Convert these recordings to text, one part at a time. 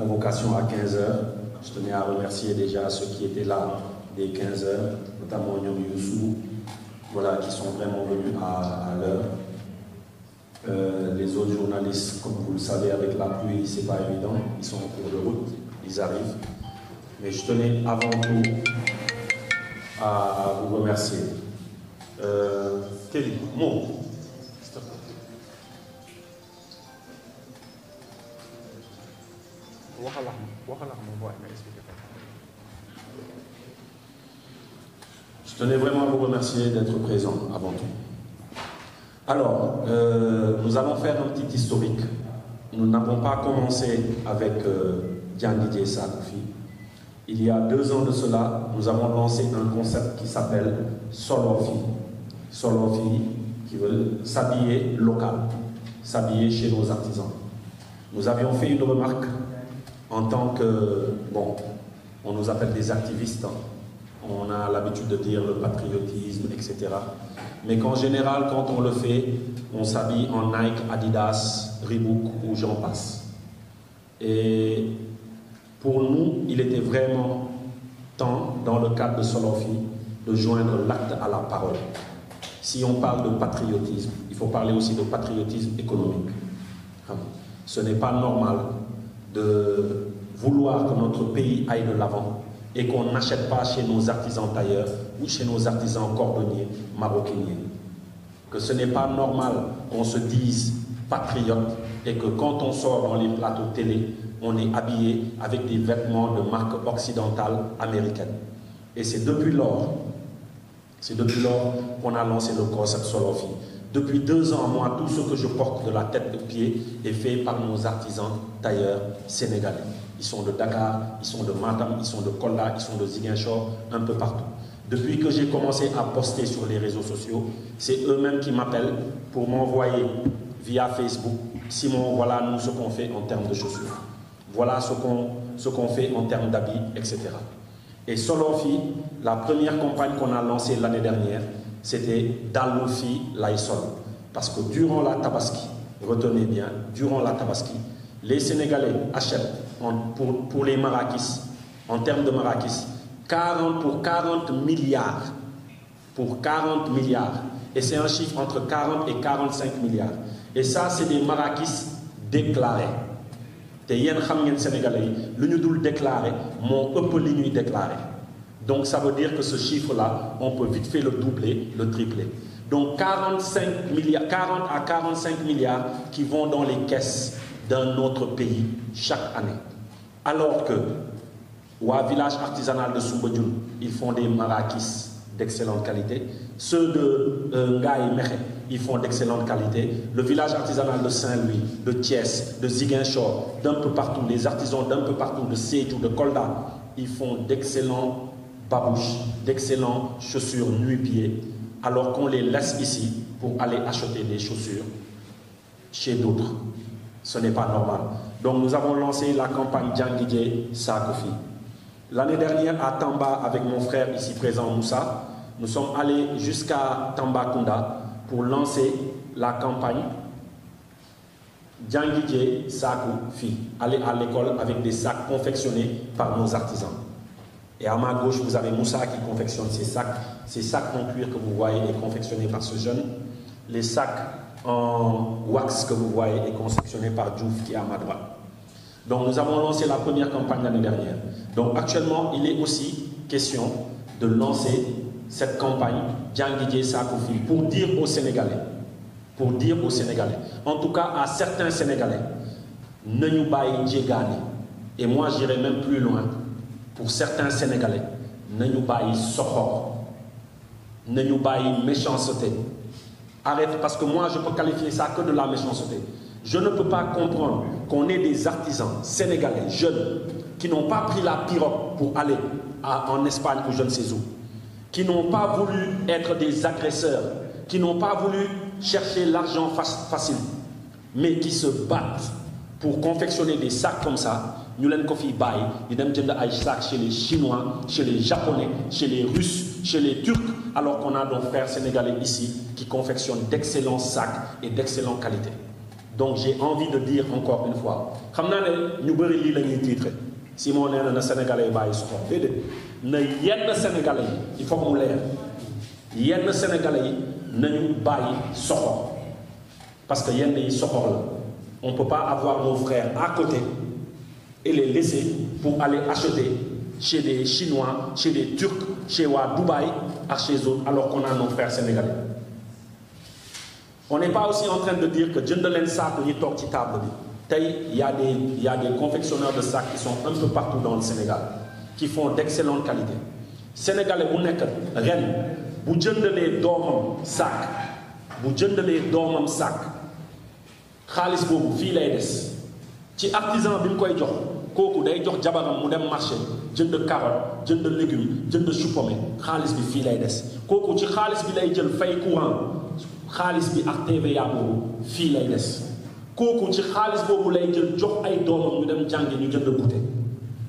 convocation à 15h. Je tenais à remercier déjà ceux qui étaient là dès 15h, notamment Nyom Youssou, voilà, qui sont vraiment venus à, à l'heure. Euh, les autres journalistes, comme vous le la pluie, c'est pas évident. Ils sont en cours de ils arrivent. Mais je tenais avant tout à vous remercier. Euh, Kelly, waxal ak Je tenais vraiment à vous remercier d'être présent avant tout. Alors, euh, nous allons faire un historique. Nous n'avons pas commencé avec euh, Diane Didier Sakoufi. Il y a deux ans de cela, nous avons lancé un concept qui s'appelle Solofi. Solofi, qui veut s'habiller local, s'habiller chez nos artisans. Nous avions fait une remarque en tant que, bon, on nous appelle des activistes, hein. on a l'habitude de dire le patriotisme, etc. Mais qu'en général, quand on le fait, on s'habille en Nike, Adidas, Reebok ou j'en passe. Et pour nous, il était vraiment temps, dans le cadre de Solofi, de joindre l'acte à la parole. Si on parle de patriotisme, il faut parler aussi de patriotisme économique. Ce n'est pas normal de vouloir que notre pays aille de l'avant et qu'on n'achète pas chez nos artisans tailleurs ou chez nos artisans cordonniers maroquiniers. Que ce n'est pas normal qu'on se dise patriote et que quand on sort dans les plateaux télé, on est habillé avec des vêtements de marque occidentale américaine. Et c'est depuis lors, c'est depuis qu'on a lancé le concept Solofi Depuis deux ans, moi, tout ce que je porte de la tête aux pieds est fait par nos artisans tailleurs sénégalais. Ils sont de Dakar, ils sont de Matam, ils sont de Kola, ils sont de Ziguinchor, un peu partout. Depuis que j'ai commencé à poster sur les réseaux sociaux, c'est eux-mêmes qui m'appellent pour m'envoyer via Facebook, Simon, voilà nous ce qu'on fait en termes de chaussures, voilà ce qu'on ce qu'on fait en termes d'habits, etc. Et Solofi, la première campagne c'était dallu fii lay sol parce que durant la tabaski retenez bien durant la tabaski les sénégalais achètent en pour pour les marakis en termes de marakis 40 pour 40 milliards pour 40 milliards et c'est un chiffre entre 40 et 45 milliards et ça c'est des marakis déclarés te yéen xam ngeen sénégalais yi lu ñu dul déclaré moo ëpp li ñuy déclaré Donc ça veut dire que ce chiffre-là, on peut vite fait le doubler, le tripler. à 45 milliards qui vont dans chaque année. Alors que, ou à village artisanal de Soumbodjoun, ils font des marakis d'excellente qualité. Ceux de euh, Ngaï Mekhe, ils font d'excellente qualité. Le village artisanal de Saint-Louis, de Thiès, de Ziguinchor, d'un peu partout, les artisans d'un peu partout, de Sétou, de Kolda, ils font babouche, d'excellentes chaussures nuit-pieds, alors qu'on les laisse ici pour aller acheter des chaussures chez d'autres. Ce n'est pas normal. Donc nous avons lancé la campagne Djangidje Sakofi. L'année dernière, à Tamba, avec mon frère ici présent, Moussa, nous sommes allés jusqu'à Tambacounda pour lancer la campagne Djangidje Sakofi. Aller à l'école avec des sacs confectionnés par nos artisans. Et à ma gauche, vous avez Moussa qui confectionne ces sacs. Ces sacs en que vous voyez est confectionné par ce jeune. Les sacs en wax que vous voyez est confectionné par Diouf qui est à ma droite. Donc nous avons lancé la première campagne l'année dernière. Donc actuellement, il est aussi question de lancer cette campagne Djanguidje Sakoufi pour dire aux Sénégalais, pour dire aux Sénégalais, en tout cas à certains Sénégalais, ne nous Et j'irai même plus loin. pour certains Sénégalais nañu bàyyi soxor nañu bàyyi méchanceté arrête parce que moi je peux qualifier ça que de la méchanceté je ne peux pas comprendre qu'on ait des artisans sénégalais jeunes qui n'ont pas pris la pirogue pour aller à, en Espagne ou je ne sais où qui n'ont pas voulu être des agresseurs qui n'ont pas voulu chercher l'argent facile mais qui se battent pour confectionner des sacs comme ça ñu leen ko fii bàyyi di dem jënd ay sacs chez les chinois chez les japonais chez les russes chez les turcs alors qu'on a nos frères sénégalais ici qui confectionnent d'excellents sacs et d'excellente qualité donc j'ai envie de dire encore une fois xam naa ne ñu bëri lii la ñuy titre Simon nee na na sénégalais bàyyi soxor déedéet na yenn sénégalais yi il faut yenn sénégalais yi nañu bàyyi soxor parce que yenn yi soxor la on peut pas avoir nos frères à côté et les laisser pour aller acheter chez des Chinois, chez des Turcs, chez à Dubaï, à alors qu'on a nos frères sénégalais. On n'est pas aussi en train de dire que jënd leen saako yi toog ci table bi tey y a des y confectionneurs de sacs qui sont un peu partout dans le Sénégal qui font d'excellente qualité sénégalais bu nekk ren bu jëndalee doomam sac bu jëndalee doomam sac xaalis boobu fii lay des ci artisan bi ñu koy jox. kooku day jox jabaram mu dem marché jënd carotte jënd légume jënd chou xaalis bi fii lay des kooku ci xaalis bi lay jël fay courant xaalis bi ak TVA boobu fii lay des kooku ci xaalis boobu lay jël jox ay doomam ñu dem jàngi ñu jënd goûter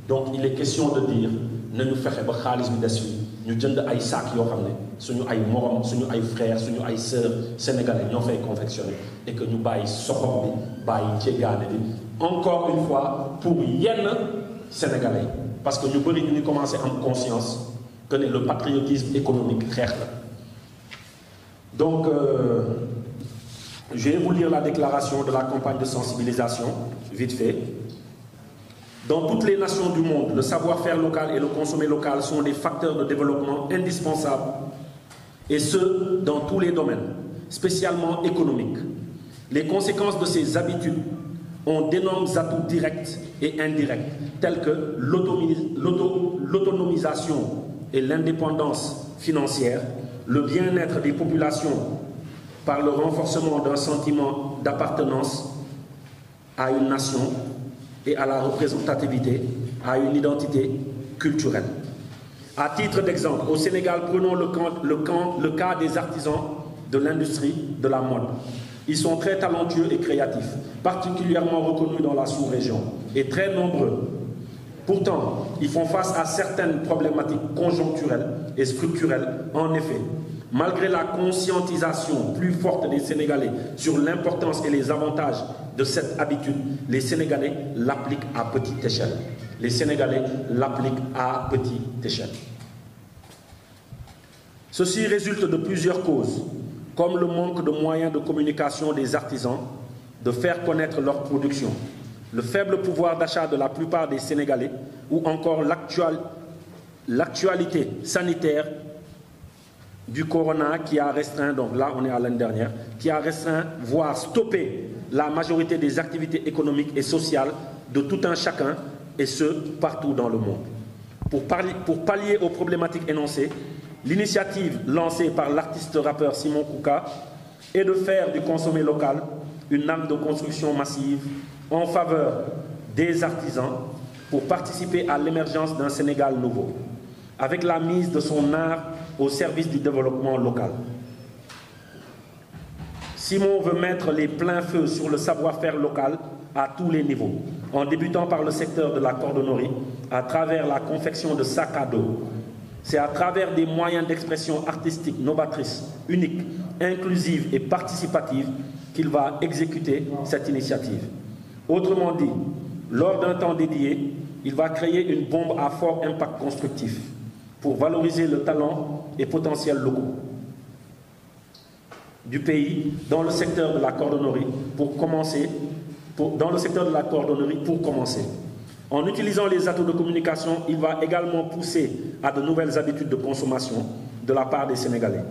donc il est question de dire nañu fexe ba xaalis bi des fii ñu jënd ay saak yoo xam ne suñu ay morom suñu ay su ñu ay sœur sénégalais ñoo fay confectionné et ñu bàyyi soxor bi bàyyi jéggaane bi encore une fois pour yenn sénégalais parce que ñu bëri ñu ngi commencé am conscience que ne le patriotisme économique xeex la donc euh, je vais vous lire la déclaration de la campagne de sensibilisation vite fait dans toutes les nations du monde le savoir-faire local et le consommer local sont des facteurs de développement indispensables et ce dans tous les domaines spécialement économiques les conséquences de ces habitudes on dénomme atouts directs et indirects, tels que l'autonomisation et l'indépendance financière, le bien-être des populations par le renforcement d'un sentiment d'appartenance à une nation et à la représentativité, à une identité culturelle. À titre d'exemple, au Sénégal, prenons le, le, camp, le cas des artisans de l'industrie de la mode. Ils sont très talentueux et créatifs, particulièrement reconnus dans la sous-région et très nombreux. Pourtant, ils font face à certaines problématiques conjoncturelles et structurelles. En effet, malgré la conscientisation plus forte des Sénégalais sur l'importance et les avantages de cette habitude, les Sénégalais l'appliquent à petite Les Sénégalais l'appliquent à petite échelle. Ceci résulte de plusieurs causes comme le manque de moyens de communication des artisans, de faire connaître leur production, le faible pouvoir d'achat de la plupart des Sénégalais ou encore l'actualité sanitaire du corona qui a restreint, donc là on est à l'année dernière, qui a restreint, voire stoppé la majorité des activités économiques et sociales de tout un chacun, et ce, partout dans le monde. Pour, pallier aux problématiques énoncées, L'initiative lancée par l'artiste rappeur Simon Kouka est de faire du consommé local une arme de construction massive en faveur des artisans pour participer à l'émergence d'un Sénégal nouveau, avec la mise de son art au service du développement local. Simon veut mettre les pleins feux sur le savoir-faire local à tous les niveaux, en débutant par le secteur de la cordonnerie, à travers la confection de sacs à dos, C'est à travers des moyens d'expression artistique novatrice, unique, inclusive et participative qu'il va exécuter cette initiative. Autrement dit, lors d'un temps dédié, il va créer une bombe à fort impact constructif pour valoriser le talent et potentiel locaux du pays dans le secteur de la cordonnerie pour commencer, pour, dans le secteur de la cordonnerie pour commencer. En utilisant les atouts de communication, il va également pousser à de nouvelles habitudes de consommation de la part des Sénégalais.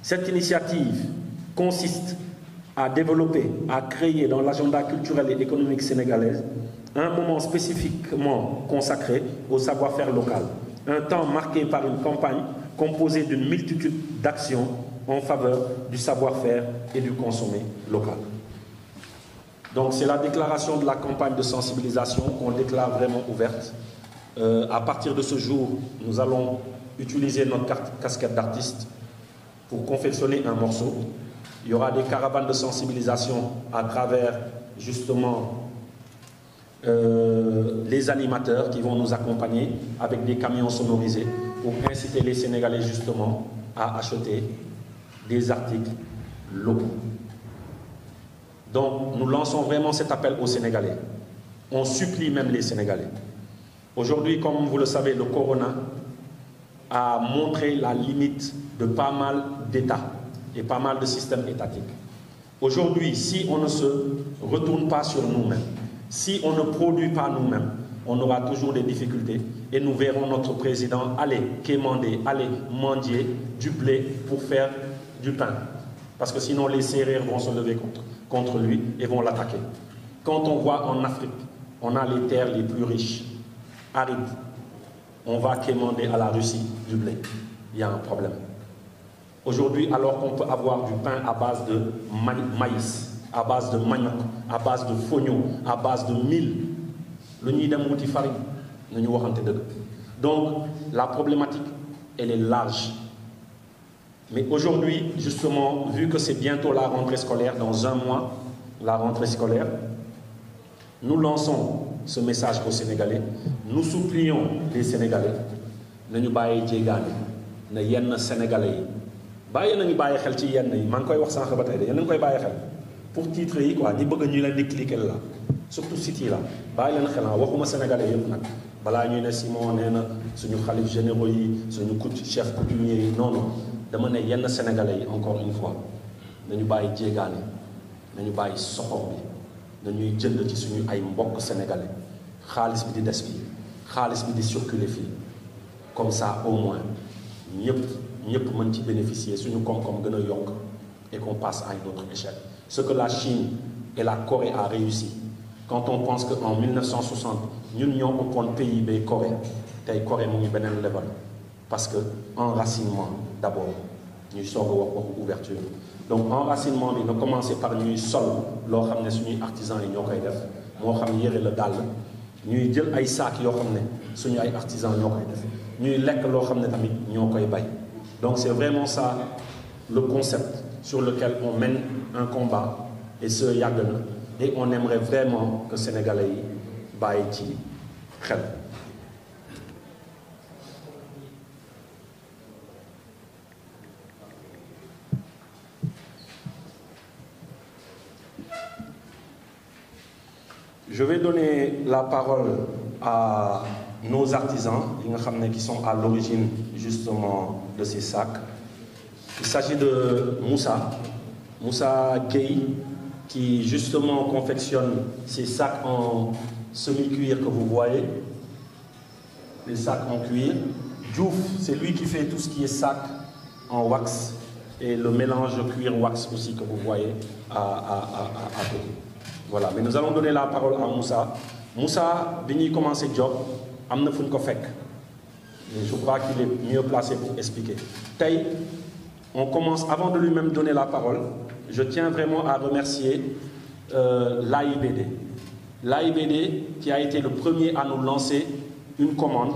Cette initiative consiste à développer, à créer dans l'agenda culturel et économique sénégalaise un moment spécifiquement consacré au savoir-faire local, un temps marqué par une campagne composée d'une multitude d'actions en faveur du savoir-faire et du consommé local. Donc c'est la déclaration de la campagne de sensibilisation qu'on déclare vraiment ouverte. Euh, à partir de ce jour, nous allons utiliser notre casquette d'artiste pour confectionner un morceau. Il y aura des caravanes de sensibilisation à travers justement euh, les animateurs qui vont nous accompagner avec des camions sonorisés pour inciter les Sénégalais justement à acheter des articles locaux. Donc nous lançons vraiment cet appel aux Sénégalais. On supplie même les Sénégalais. Aujourd'hui, comme vous le savez, le corona a montré la limite de pas mal d'États et de systèmes étatiques. Aujourd'hui, si on ne se retourne pas sur nous-mêmes, si on ne produit pas nous-mêmes, on aura toujours des difficultés et nous verrons notre président aller quémander, aller mendier du blé pour faire du pain. Parce que sinon, les serrères vont se lever contre. contre lui et vont l'attaquer. Quand on voit en Afrique, on a les terres les plus riches, arides, on va quémander à la Russie du blé. Il y a un problème. Aujourd'hui, alors qu'on peut avoir du pain à base de maïs, à base de manioc, à base de fognon, à base de le nid farine, Donc, la problématique, est large. Mais aujourd'hui, justement, vu que c'est bientôt la rentrée scolaire, dans un mois, la rentrée scolaire, nous lançons ce message aux Sénégalais. Nous supplions les Sénégalais nañu bàyyi jéegaane ne yenn Sénégalais yi bàyyi nañu bàyyi xel ci yenn yi maa ngi koy wax sànq ba tey de yéen a koy bàyyi xel pour titre yi quoi ñi bëgg ñu la di cliquer la surtout site yi la bàyyi leen xel ah, waxuma Sénégalais yëpp nag balaa ñuy ne Simon nee na suñu xalif généraux yi suñu chef coutumier yi dama ne yenn sénégalais yi encore une fois dañu bàyyi jéegaane dañu bàyyi soxor bi dañuy jënd ci suñu ay mbokk sénégalais xaalis bi di des fii xaalis bi di circuler fii comme saa au moins ñëpp ñëpp mën ci bénéficier suñu koom-koom gën a yokk et qu'on passe à une autre échelle ce que la Chine et la Corée a réussi quand on pense que en 1960 ñun ñoo bokkoon PIB Corée tey Corée mu ngi beneen level parce que enracinement d'abord ñuy soog a wax waxu ouverture donc enracinement bi na commencé par ñuy sol loo xam ne suñuy artisan yi ñoo koy def moo xam yére la dàll ñuy jël ay saak yoo xam ne suñu ay artisan ñoo koy def ñuy lekk loo xam ne tamit ñoo koy bay donc c'est vraiment ça le concept sur lequel on mène un combat et ce yàgg na et on aimerait vraiment que sénégalais yi bàyyi ci xel Je vais donner la parole à nos artisans qui sont à l'origine justement de ces sacs. Il s'agit de Moussa, Moussa Gay, qui justement confectionne ces sacs en semi-cuir que vous voyez, les sacs en cuir. Diouf, c'est lui qui fait tout ce qui est sac en wax et le mélange cuir-wax aussi que vous voyez à, à, à, voilà mais nous allons donner la parole à Moussa Moussa bi ñuy commencer job am na fu ko fekk mais je crois qu'il est mieux placé pour expliquer tey on commence avant de lui-même donner la parole je tiens vraiment à remercier euh, l'AIBD l'AIBD qui a été le premier à nous lancer une commande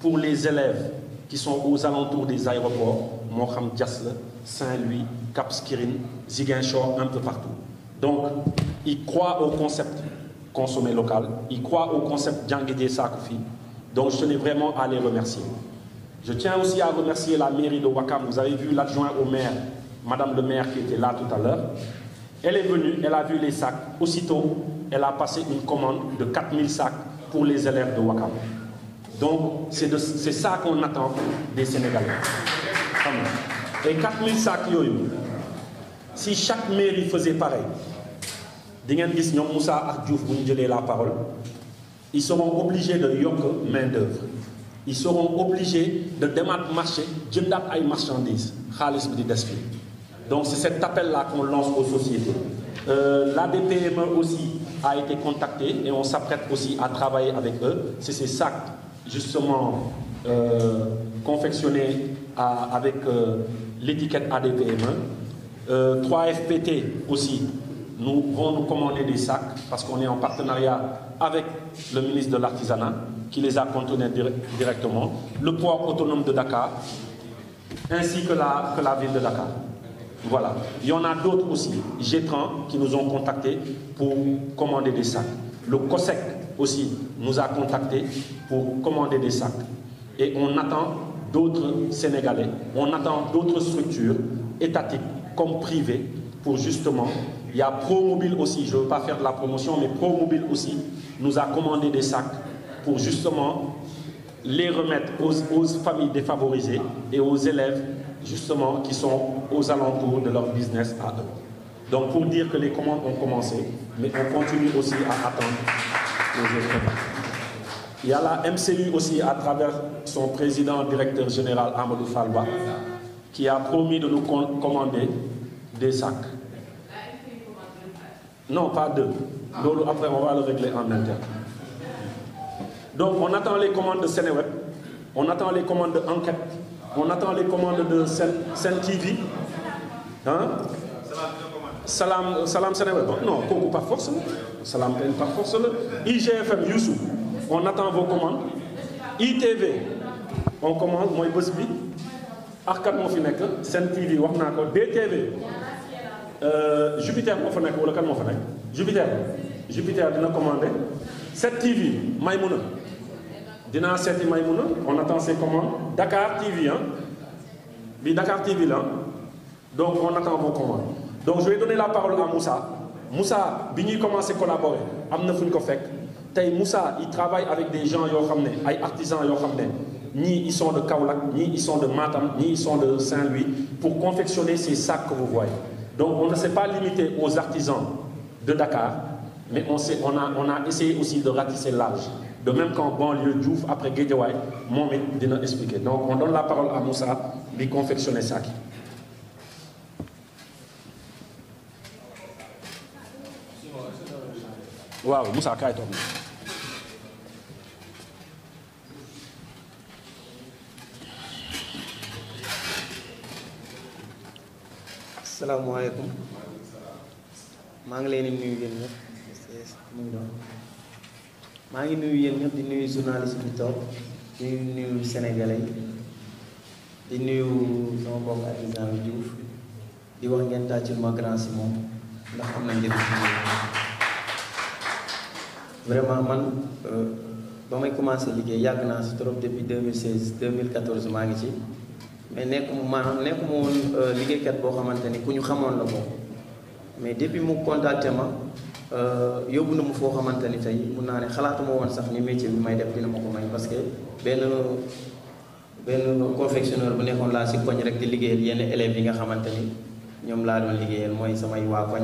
pour les élèves qui sont aux alentours des aéroports moo xam Diass la Saint-Louis Cap Skirring Ziguinchor un peu partout donc il croit au concept consommer local il croit au concept jàng jee fii donc je tenais vraiment à les remercier je tiens aussi à remercier la mairie de Ouakam vous avez vu l'adjoint au maire madame le maire qui était là tout à l'heure elle est venue elle a vu les sacs aussitôt elle a passé une commande de sacs pour les élèves de Ouakam donc c'est de c'est ça qu'on attend des Sénégalais et 4000 sacs yooyu si chaque mairie faisait pareil di ngeen gis ñoom Moussa ak Diouf bu ñu jëlee la parole ils seront obligés de yokk main d'œuvre ils seront obligés de demaat marché jëndaat ay marchandises xaalis bi di des fii donc c'est cet appel là qu'on lance aux sociétés euh, l'ADPME aussi contacté et aussi à travailler avec eux c'est ces sacs justement euh, avec euh, l'étiquette ADPME Euh, 3FPT aussi, nous vont nous commander des sacs parce qu'on est en partenariat avec le ministre de l'Artisanat qui les a contournés dire directement, le port autonome de Dakar ainsi que la, que la ville de Dakar. Voilà. Il y en a d'autres aussi, Gétran, qui nous ont contactés pour commander des sacs. Le COSEC aussi nous a contactés pour commander des sacs. Et on attend d'autres Sénégalais, on attend d'autres structures étatiques comme privé pour justement, il y a ProMobile aussi, je ne veux pas faire de la promotion, mais ProMobile aussi nous a commandé des sacs pour justement les remettre aux, aux familles défavorisées et aux élèves justement qui sont aux alentours de leur business à eux. Donc pour dire que les commandes ont commencé, mais on continue aussi à attendre les autres. Il la MCU aussi à travers son président directeur général Amadou Falba qui a promis de nous commander des sacs. Non, pas deux. Lolo, après, on va le régler en interne. Donc, on attend les commandes de Sénéweb, on attend les commandes de Enquête, on attend les commandes de Sen-TV. Hein? Salam, salam Sénéweb. Non, Koko par force. Salam par force. IGFM, Youssou, on attend vos commandes. ITV, on commande, moi, Bosby. Arcade, mon Sen-TV, DTV, Euh, Jupiter moo fa nekk wala kan moo fa nekk Jupiter Jupiter dina commandé 7TV Maïmouna dinaa seeti Maïmouna on attend ses commandes Dakar TV ah bi Dakar TV la donc on attend vos commandes donc je vais donner la parole à Moussa Moussa bi ñuy commencé collaborer am na fu ñu ko fekk tey Moussa il travaille avec des gens yoo xam ne ay artisans yoo xam ne ñii ils sont de Kaolack ñii ils sont de Matam ñii ils de Saint-Louis pour confectionner ces sacs que vous voyez Donc on ne s'est pas limité aux artisans de Dakar, mais on, on, a, essayé aussi de ratisser large. De même qu'en banlieue Diouf, après Guédiawaye, moom it dina expliquer. Donc on donne la parole à Moussa bi confectionner sac yi. waaw Moussa kaay toog salaamaaleykum maa ngi leen di nuyu yéen ñëpp maa ngi nuyu yéen ñëpp di nuyu journaliste bi toog di nuyu sénégalais di nuyu sama mbokk artisan bi Diouf di wax ngeen tàccul ma grand si moom ndax am na njëriñ vraiment man euh, ba may commencé liggéey yàgg naa si trop depuis 2016 2014 maa ngi ci. mais nekk mu maanaam nekk mu woon euh, liggéeykat boo xamante ni ku ñu xamoon la ko mais depuis mu contacté ma euh, yóbbu na mu foo xamante ni tey mun naa ne xalaatuma woon sax ni métier bi may def dina ma ko may parce que benn benn confectionneur bu nekkoon laa si rek di liggéeyal yenn élèves yi nga xamante ni ñoom laa doon liggéeyal mooy samay waa koñ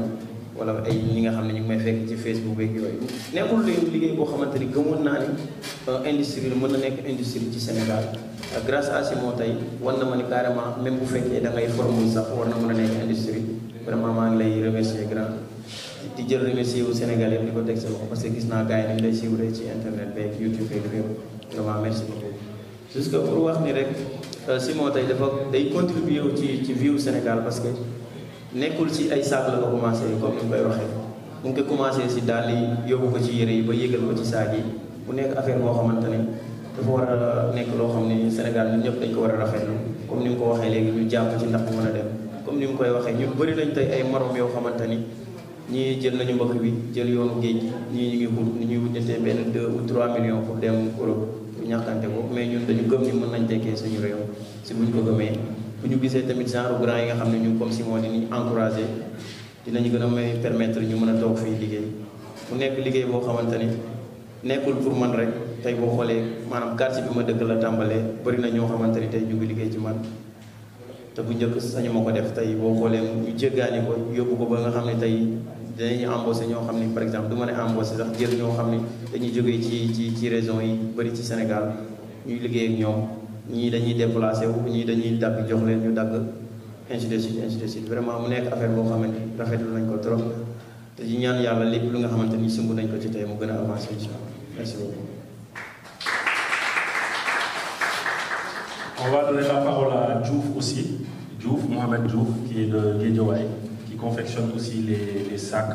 wala ay ñi nga xam ne ñu ngi may fekk ci Facebook beeg yooyu nekkul liggéey boo xamante ni gëmoon naa ni euh, industrie la mën na nekk industrie ci Sénégal. grâce à Simon tey wan na ma ni carrément même bu fekkee da ngay formule sax war na mën a nekk industrie vraiment maa ngi lay remercier grand di jël remercier wu Sénégal yëpp di ko teg sa loxo parce que gis naa gars yi dañu lay suivre ci internet beeg YouTube beeg réew vraiment merci beaucoup. jusque pour wax ni rek euh, Simon tey dafa day contribuer wu ci ci vie Sénégal parce que nekkul si ay saak la ko commencé comme ni mu koy waxee mu ngi ko commencé si daal di yóbbu ko ci yére yi ba yëgal ko ci saak yi mu nekk affaire boo dafa war a nekk loo xam ne Sénégal ñun ñëpp dañ ko war a rafetlu comme ni mu ko waxee léegi ñu jàpp ci ndax mu mën a dem comme ni mu koy waxee ñun bëri nañ tey ay morom yoo xamante ni ñii jël nañu mbokk bi jël yoonu géej gi ñii ñu ngi wut ñu ngi wutantee dem Europe pour ñàkkante mais ñun dañu gëm ni mën nañ tekkee suñu réew si buñ ko gëmee bu ñu gisee tamit genre grand yi nga xam ne ñu comme si moo di ñu encouragé dinañu gën a may permettre ñu mën a toog fii liggéey mu nekk liggéey boo xamante ni nekkul pour man rek tey boo xoolee maanaam quartier bi ma dëkk la tàmbalee bari na ñoo xamante ni tey ñu ngi liggéey ci man te bu njëkk sañu ma ko def tey boo xoolee ñu jéggaani ko yóbbu ko ba nga xam ne tey dinañu embauché ñoo xam ne par exemple du ma ne embauché sax jël ñoo xam ne dañuy jógee ci ci ci régions yi bëri ci Sénégal ñuy liggéey ak ñoom ñii dañuy déplacé wu ñii dañuy dagg jox leen ñu dagg ainsi de suite ainsi de suite vraiment mu nekk affaire boo xamante ni rafetlu nañ ko trop te di ñaan yàlla lépp lu nga xamante ni sumb nañ ko ci tey mu gën a avancé incha allah On va donner la parole à aussi, Diouf, Mohamed Diouf, qui est de Guédiouaï, qui confectionne aussi les, les sacs